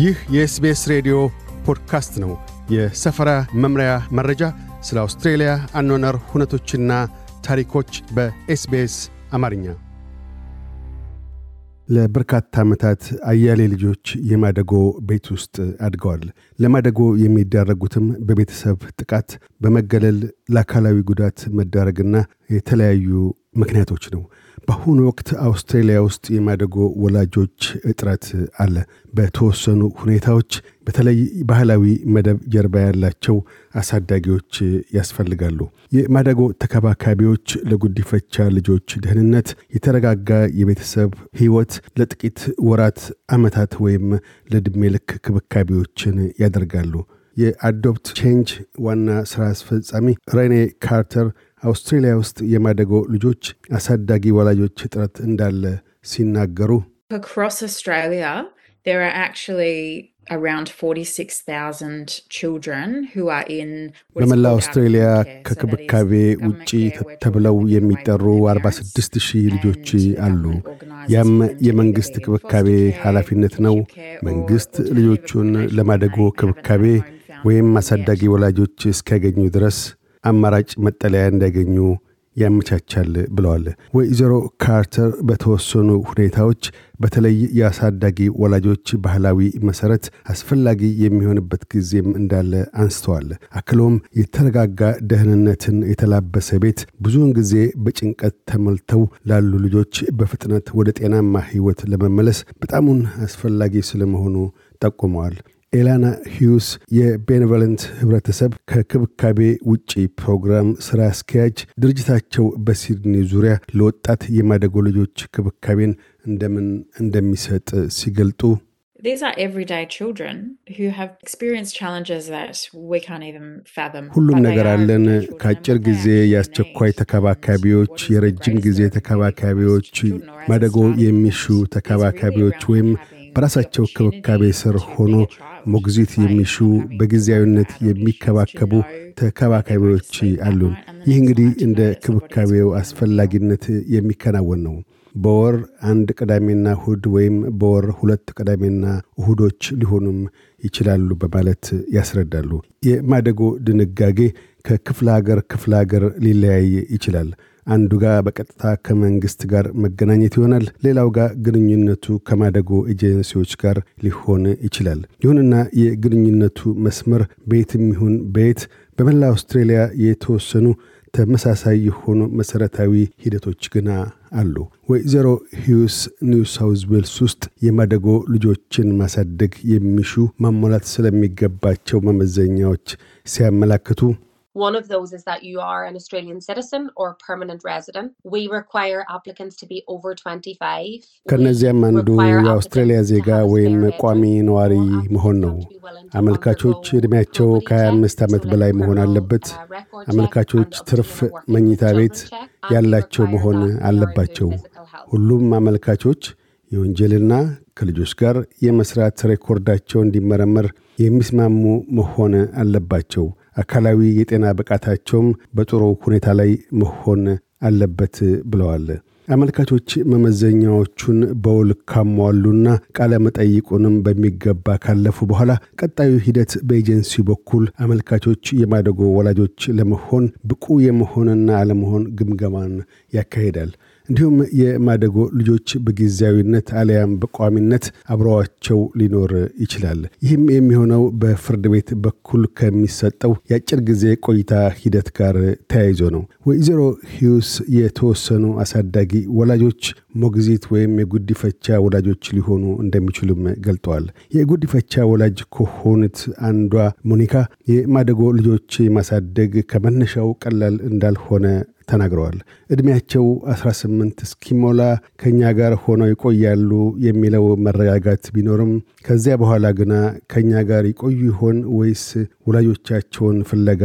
ይህ የኤስቤስ ሬዲዮ ፖድካስት ነው። የሰፈራ መምሪያ መረጃ፣ ስለ አውስትሬልያ አኗነር ሁነቶችና ታሪኮች በኤስቤስ አማርኛ። ለበርካታ ዓመታት አያሌ ልጆች የማደጎ ቤት ውስጥ አድገዋል። ለማደጎ የሚዳረጉትም በቤተሰብ ጥቃት፣ በመገለል፣ ለአካላዊ ጉዳት መዳረግና የተለያዩ ምክንያቶች ነው። በአሁኑ ወቅት አውስትሬሊያ ውስጥ የማደጎ ወላጆች እጥረት አለ። በተወሰኑ ሁኔታዎች በተለይ ባህላዊ መደብ ጀርባ ያላቸው አሳዳጊዎች ያስፈልጋሉ። የማደጎ ተከባካቢዎች ለጉዲፈቻ ልጆች ደህንነት የተረጋጋ የቤተሰብ ህይወት ለጥቂት ወራት፣ ዓመታት ወይም ለድሜ ልክ ክብካቢዎችን ያደርጋሉ። የአዶፕት ቼንጅ ዋና ስራ አስፈጻሚ ሬኔ ካርተር አውስትሬልያ ውስጥ የማደጎ ልጆች አሳዳጊ ወላጆች እጥረት እንዳለ ሲናገሩ Across Australia, there are actually around 46,000 children who are in በመላ አውስትሬሊያ ከክብካቤ ውጪ ተብለው የሚጠሩ 46 ሺህ ልጆች አሉ። ያም የመንግሥት ክብካቤ ኃላፊነት ነው። መንግሥት ልጆቹን ለማደጎ ክብካቤ ወይም አሳዳጊ ወላጆች እስኪያገኙ ድረስ አማራጭ መጠለያ እንዲያገኙ ያመቻቻል ብለዋል። ወይዘሮ ካርተር በተወሰኑ ሁኔታዎች በተለይ የአሳዳጊ ወላጆች ባህላዊ መሰረት አስፈላጊ የሚሆንበት ጊዜም እንዳለ አንስተዋል። አክሎም የተረጋጋ ደህንነትን የተላበሰ ቤት ብዙውን ጊዜ በጭንቀት ተሞልተው ላሉ ልጆች በፍጥነት ወደ ጤናማ ህይወት ለመመለስ በጣሙን አስፈላጊ ስለመሆኑ ጠቁመዋል። ኤላና ሂውስ የቤኔቮለንት ህብረተሰብ ከክብካቤ ውጪ ፕሮግራም ስራ አስኪያጅ፣ ድርጅታቸው በሲድኒ ዙሪያ ለወጣት የማደጎ ልጆች ክብካቤን እንደምን እንደሚሰጥ ሲገልጡ ሁሉም ነገር አለን። ከአጭር ጊዜ የአስቸኳይ ተከባካቢዎች፣ የረጅም ጊዜ ተከባካቢዎች፣ ማደጎ የሚሹ ተከባካቢዎች ወይም በራሳቸው ክብካቤ ስር ሆኖ ሞግዚት የሚሹ በጊዜያዊነት የሚከባከቡ ተከባካቢዎች አሉን። ይህ እንግዲህ እንደ ክብካቤው አስፈላጊነት የሚከናወን ነው። በወር አንድ ቅዳሜና እሁድ ወይም በወር ሁለት ቅዳሜና እሁዶች ሊሆኑም ይችላሉ በማለት ያስረዳሉ። የማደጎ ድንጋጌ ከክፍለ ሀገር ክፍለ ሀገር ሊለያይ ይችላል። አንዱ ጋር በቀጥታ ከመንግስት ጋር መገናኘት ይሆናል፣ ሌላው ጋር ግንኙነቱ ከማደጎ ኤጀንሲዎች ጋር ሊሆን ይችላል። ይሁንና የግንኙነቱ መስመር በየትም ይሁን በየት በመላ አውስትሬልያ የተወሰኑ ተመሳሳይ የሆኑ መሰረታዊ ሂደቶች ግና አሉ። ወይዘሮ ሂውስ ኒው ሳውዝ ዌልስ ውስጥ የማደጎ ልጆችን ማሳደግ የሚሹ ማሟላት ስለሚገባቸው መመዘኛዎች ሲያመላክቱ One of those is that you are an Australian citizen or permanent resident. We require applicants to be over 25. ከነዚያም አንዱ የአውስትራሊያ ዜጋ ወይም ቋሚ ነዋሪ መሆን ነው። አመልካቾች ዕድሜያቸው ከ25 ዓመት በላይ መሆን አለበት። uh, አመልካቾች ትርፍ መኝታ ቤት ያላቸው መሆን አለባቸው። ሁሉም አመልካቾች የወንጀልና ከልጆች ጋር የመስራት ሬኮርዳቸው እንዲመረመር የሚስማሙ መሆን አለባቸው። አካላዊ የጤና ብቃታቸውም በጥሩ ሁኔታ ላይ መሆን አለበት ብለዋል። አመልካቾች መመዘኛዎቹን በውል ካሟሉና ቃለ መጠይቁንም በሚገባ ካለፉ በኋላ ቀጣዩ ሂደት በኤጀንሲው በኩል አመልካቾች የማደጎ ወላጆች ለመሆን ብቁ የመሆንና አለመሆን ግምገማን ያካሂዳል። እንዲሁም የማደጎ ልጆች በጊዜያዊነት አሊያም በቋሚነት አብረዋቸው ሊኖር ይችላል። ይህም የሚሆነው በፍርድ ቤት በኩል ከሚሰጠው የአጭር ጊዜ ቆይታ ሂደት ጋር ተያይዞ ነው። ወይዘሮ ሂውስ የተወሰኑ አሳዳጊ ወላጆች ሞግዚት ወይም የጉዲፈቻ ወላጆች ሊሆኑ እንደሚችሉም ገልጠዋል። የጉዲፈቻ ወላጅ ከሆኑት አንዷ ሞኒካ የማደጎ ልጆች ማሳደግ ከመነሻው ቀላል እንዳልሆነ ተናግረዋል። ዕድሜያቸው 18 እስኪሞላ ከእኛ ጋር ሆነው ይቆያሉ የሚለው መረጋጋት ቢኖርም ከዚያ በኋላ ግና ከእኛ ጋር ይቆዩ ይሆን ወይስ ወላጆቻቸውን ፍለጋ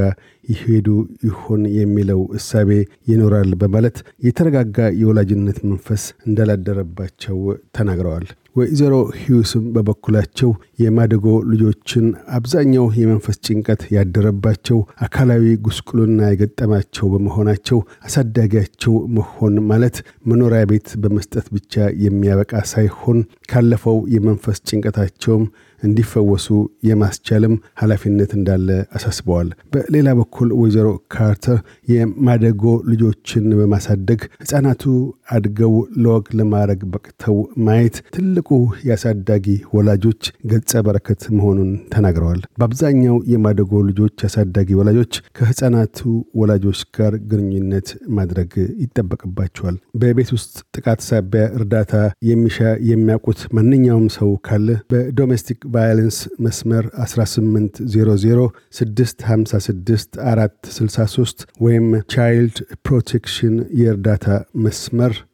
ይሄዱ ይሆን የሚለው እሳቤ ይኖራል በማለት የተረጋጋ የወላጅነት መንፈስ እንዳላደረባቸው ተናግረዋል። ወይዘሮ ሂውስም በበኩላቸው የማደጎ ልጆችን አብዛኛው የመንፈስ ጭንቀት ያደረባቸው አካላዊ ጉስቁልና የገጠማቸው በመሆናቸው አሳዳጊያቸው መሆን ማለት መኖሪያ ቤት በመስጠት ብቻ የሚያበቃ ሳይሆን ካለፈው የመንፈስ ጭንቀታቸውም እንዲፈወሱ የማስቻልም ኃላፊነት እንዳለ አሳስበዋል። በሌላ በኩል ወይዘሮ ካርተር የማደጎ ልጆችን በማሳደግ ህፃናቱ አድገው ለወግ ለማድረግ በቅተው ማየት ትልቅ ትልቁ የአሳዳጊ ወላጆች ገጸ በረከት መሆኑን ተናግረዋል። በአብዛኛው የማደጎ ልጆች አሳዳጊ ወላጆች ከህፃናቱ ወላጆች ጋር ግንኙነት ማድረግ ይጠበቅባቸዋል። በቤት ውስጥ ጥቃት ሳቢያ እርዳታ የሚሻ የሚያውቁት ማንኛውም ሰው ካለ በዶሜስቲክ ቫዮለንስ መስመር 1800 656 ወይም ቻይልድ ፕሮቴክሽን የእርዳታ መስመር